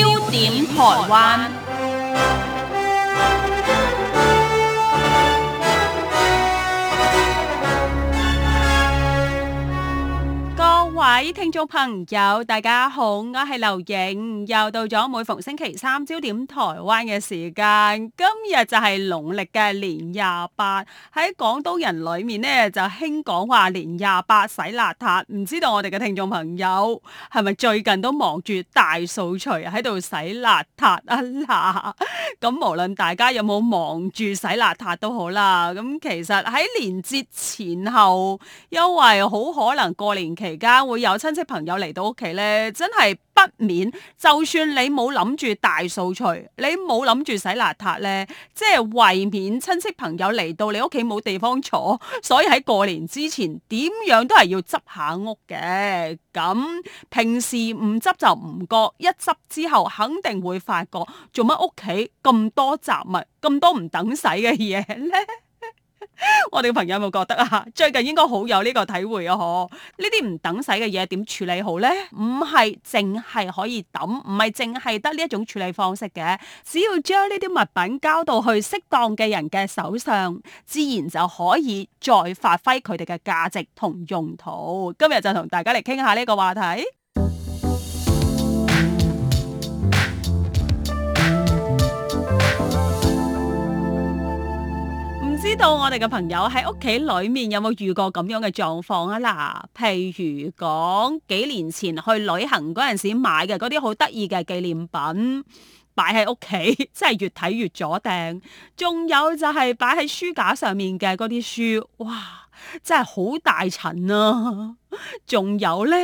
焦點台灣。各位聽眾朋友，大家好，我係劉穎，又到咗每逢星期三焦點台灣嘅時間，今日就係農曆嘅年廿八。喺廣東人裏面咧，就興講話年廿八洗邋遢。唔知道我哋嘅聽眾朋友係咪最近都忙住大掃除啊，喺度洗邋遢啊嗱，咁無論大家有冇忙住洗邋遢都好啦。咁其實喺年節前後，因為好可能過年期間會有。有親戚朋友嚟到屋企呢，真係不免。就算你冇諗住大掃除，你冇諗住洗邋遢呢，即係為免親戚朋友嚟到你屋企冇地方坐，所以喺過年之前點樣都係要執下屋嘅。咁平時唔執就唔覺，一執之後肯定會發覺做乜屋企咁多雜物，咁多唔等使嘅嘢呢？ 我哋朋友有冇覺得啊？最近應該好有呢個體會啊！嗬，呢啲唔等使嘅嘢點處理好呢？唔係淨係可以抌，唔係淨係得呢一種處理方式嘅。只要將呢啲物品交到去適當嘅人嘅手上，自然就可以再發揮佢哋嘅價值同用途。今日就同大家嚟傾下呢個話題。知道我哋嘅朋友喺屋企裏面有冇遇過咁樣嘅狀況啊？嗱，譬如講幾年前去旅行嗰陣時買嘅嗰啲好得意嘅紀念品，擺喺屋企，真係越睇，越阻掟。仲有就係擺喺書架上面嘅嗰啲書，哇，真係好大塵啊！仲有呢，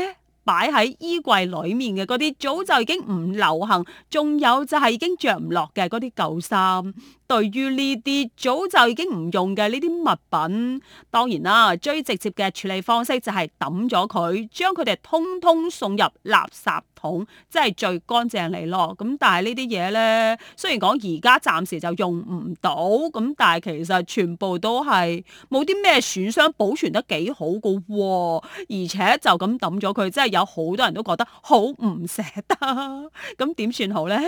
擺喺衣櫃裏面嘅嗰啲，早就已經唔流行。仲有就係已經着唔落嘅嗰啲舊衫。對於呢啲早就已經唔用嘅呢啲物品，當然啦，最直接嘅處理方式就係抌咗佢，將佢哋通通送入垃圾桶，即係最乾淨嚟咯。咁但係呢啲嘢呢，雖然講而家暫時就用唔到，咁但係其實全部都係冇啲咩損傷，保存得幾好噶，而且就咁抌咗佢，真係有好多人都覺得好唔捨得啊。咁點算好呢？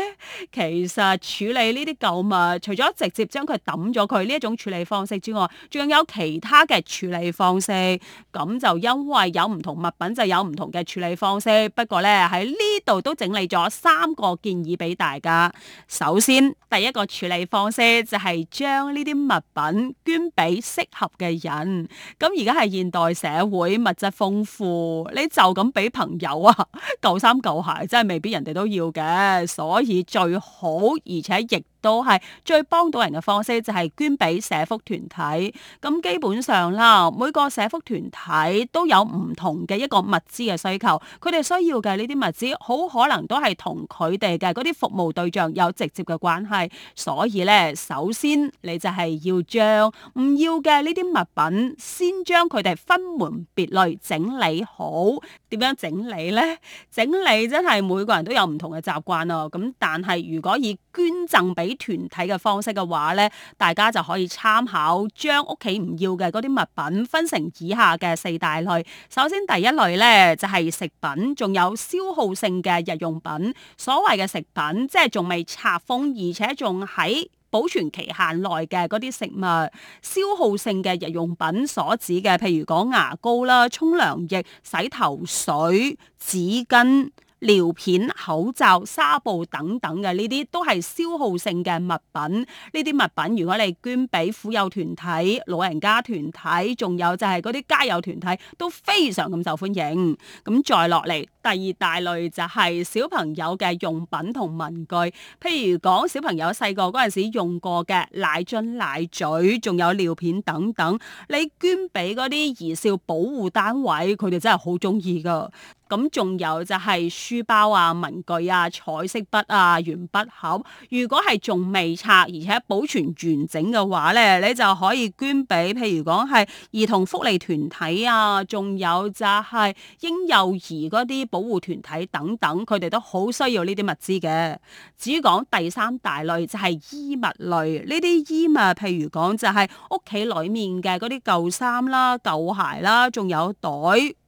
其實處理呢啲舊物，除咗直接將佢抌咗佢呢一種處理方式之外，仲有其他嘅處理方式。咁就因為有唔同物品，就有唔同嘅處理方式。不過呢，喺呢度都整理咗三個建議俾大家。首先，第一個處理方式就係將呢啲物品捐俾適合嘅人。咁而家係現代社會，物質豐富，你就咁俾朋友啊，舊衫舊鞋真係未必人哋都要嘅。所以最好而且亦，都係最幫到人嘅方式，就係捐俾社福團體，咁基本上啦，每個社福團體都有唔同嘅一個物資嘅需求，佢哋需要嘅呢啲物資好可能都係同佢哋嘅嗰啲服務對象有直接嘅關係，所以咧，首先你就係要將唔要嘅呢啲物品，先將佢哋分門別類整理好。點樣整理咧？整理真係每個人都有唔同嘅習慣哦。咁但係如果以捐贈俾團體嘅方式嘅話，呢大家就可以參考將屋企唔要嘅嗰啲物品分成以下嘅四大類。首先第一類呢，就係食品，仲有消耗性嘅日用品。所謂嘅食品，即係仲未拆封而且仲喺保存期限內嘅嗰啲食物。消耗性嘅日用品所指嘅，譬如講牙膏啦、沖涼液、洗頭水、紙巾。尿片、口罩、紗布等等嘅呢啲都係消耗性嘅物品，呢啲物品如果你捐俾婦幼團體、老人家團體，仲有就係嗰啲家有團體都非常咁受歡迎，咁再落嚟。第二大類就係小朋友嘅用品同文具，譬如講小朋友細個嗰陣時用過嘅奶樽、奶嘴，仲有尿片等等，你捐俾嗰啲兒少保護單位，佢哋真係好中意噶。咁仲有就係書包啊、文具啊、彩色筆啊、鉛筆盒，如果係仲未拆而且保存完整嘅話咧，你就可以捐俾譬如講係兒童福利團體啊，仲有就係嬰幼兒嗰啲。保護團體等等，佢哋都好需要呢啲物資嘅。至於講第三大類，就係衣物類，呢啲衣物，譬如講就係屋企裡面嘅嗰啲舊衫啦、舊鞋啦，仲有袋。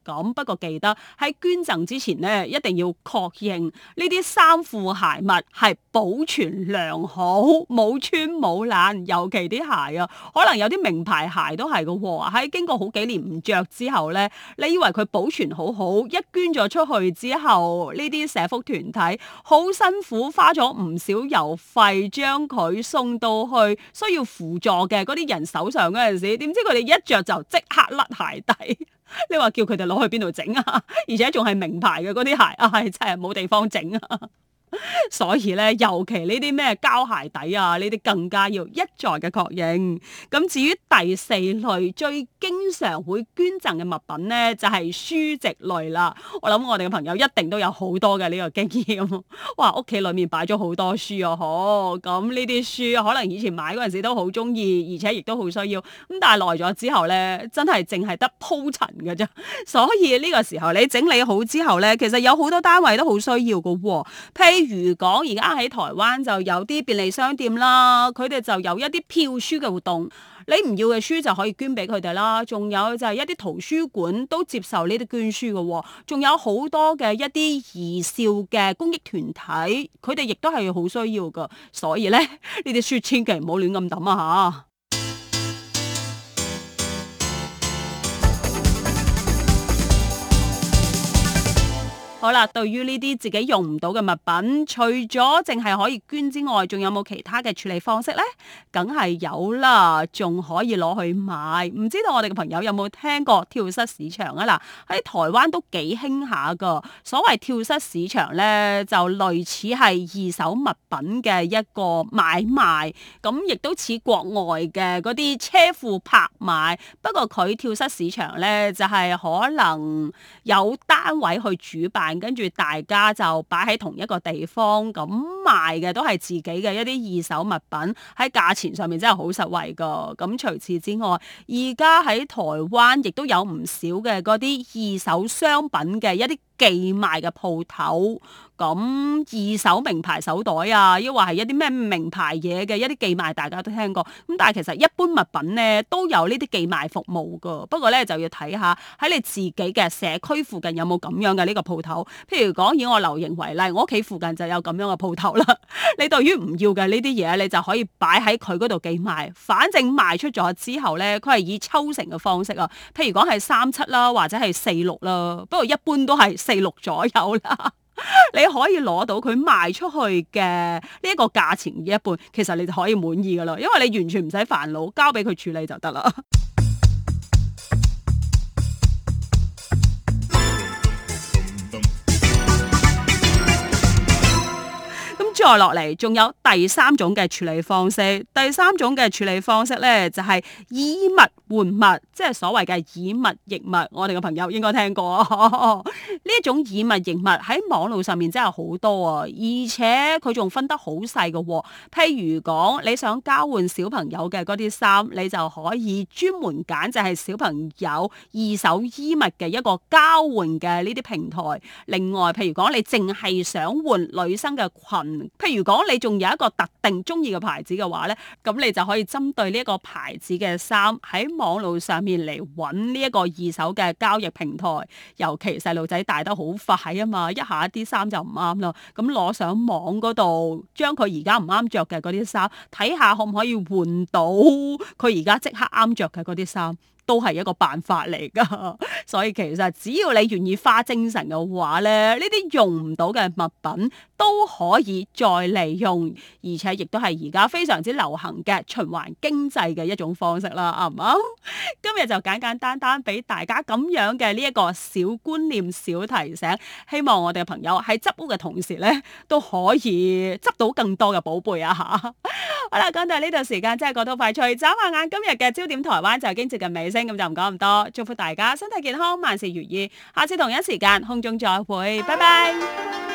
咁不過記得喺捐贈之前咧，一定要確認呢啲衫褲鞋襪係保存良好，冇穿冇爛。尤其啲鞋啊，可能有啲名牌鞋都係嘅喎。喺經過好幾年唔着之後呢，你以為佢保存好好，一捐咗出去之後，呢啲社福團體好辛苦花，花咗唔少郵費將佢送到去需要輔助嘅嗰啲人手上嗰陣時，點知佢哋一着就即刻甩鞋底。你話叫佢哋攞去邊度整啊？而且仲係名牌嘅嗰啲鞋，唉、哎，真係冇地方整啊！所以咧，尤其呢啲咩膠鞋底啊，呢啲更加要一再嘅確認。咁至於第四類最經常會捐贈嘅物品呢，就係書籍類啦。我諗我哋嘅朋友一定都有好多嘅呢個經驗。 哇，屋企裏面擺咗好多書啊，嗬。咁呢啲書可能以前買嗰陣時都好中意，而且亦都好需要。咁但係耐咗之後呢，真係淨係得鋪塵嘅啫。所以呢個時候你整理好之後呢，其實有好多單位都好需要嘅、啊。譬如果而家喺台灣就有啲便利商店啦，佢哋就有一啲票書嘅活動，你唔要嘅書就可以捐俾佢哋啦。仲有就係一啲圖書館都接受呢啲捐書㗎喎，仲有好多嘅一啲兒少嘅公益團體，佢哋亦都係好需要嘅。所以咧，呢啲書千祈唔好亂咁抌啊嚇！好啦，對於呢啲自己用唔到嘅物品，除咗淨係可以捐之外，仲有冇其他嘅處理方式呢？梗係有啦，仲可以攞去賣。唔知道我哋嘅朋友有冇聽過跳蚤市場啊？嗱，喺台灣都幾興下噶。所謂跳蚤市場呢，就類似係二手物品嘅一個買賣，咁亦都似國外嘅嗰啲車庫拍賣。不過佢跳蚤市場呢，就係可能有單位去主辦。跟住大家就擺喺同一個地方，咁賣嘅，都係自己嘅一啲二手物品，喺價錢上面真係好實惠個。咁除此之外，而家喺台灣亦都有唔少嘅啲二手商品嘅一啲寄賣嘅鋪頭，咁二手名牌手袋啊，抑或係一啲咩名牌嘢嘅一啲寄賣，大家都聽過。咁但係其實一般物品咧都有呢啲寄賣服務噶，不過咧就要睇下喺你自己嘅社區附近有冇咁樣嘅呢個鋪頭。譬如講以我留形為例，我屋企附近就有咁樣嘅鋪頭啦。你對於唔要嘅呢啲嘢，你就可以擺喺佢嗰度寄賣，反正賣出咗之後咧，佢係以抽成嘅方式啊。譬如講係三七啦，或者係四六啦，不過一般都係。第六左右啦，你可以攞到佢賣出去嘅呢一個價錢嘅一半，其實你就可以滿意噶啦，因為你完全唔使煩惱，交俾佢處理就得啦。咁 再落嚟，仲有第三種嘅處理方式，第三種嘅處理方式呢，就係、是、衣物。換物即係所謂嘅以物易物，我哋嘅朋友應該聽過。呢一種以物易物喺網路上面真係好多啊，而且佢仲分得好細嘅。譬如講，你想交換小朋友嘅嗰啲衫，你就可以專門揀就係小朋友二手衣物嘅一個交換嘅呢啲平台。另外，譬如講你淨係想換女生嘅裙，譬如講你仲有一個特定中意嘅牌子嘅話呢，咁你就可以針對呢一個牌子嘅衫喺網路上面嚟揾呢一個二手嘅交易平台，尤其細路仔大得好快啊嘛，一下啲衫就唔啱啦。咁攞上網嗰度，將佢而家唔啱着嘅嗰啲衫，睇下可唔可以換到佢而家即刻啱着嘅嗰啲衫。都係一個辦法嚟噶，所以其實只要你願意花精神嘅話咧，呢啲用唔到嘅物品都可以再利用，而且亦都係而家非常之流行嘅循環經濟嘅一種方式啦，係唔係？今日就簡簡單單俾大家咁樣嘅呢一個小觀念、小提醒，希望我哋嘅朋友喺執屋嘅同時呢，都可以執到更多嘅寶貝啊！吓。好啦，講到呢度時間真係過得快脆，眨下眼今日嘅焦點台灣就已經接近尾聲，咁就唔講咁多，祝福大家身體健康，萬事如意，下次同一時間空中再會，拜拜。 bye bye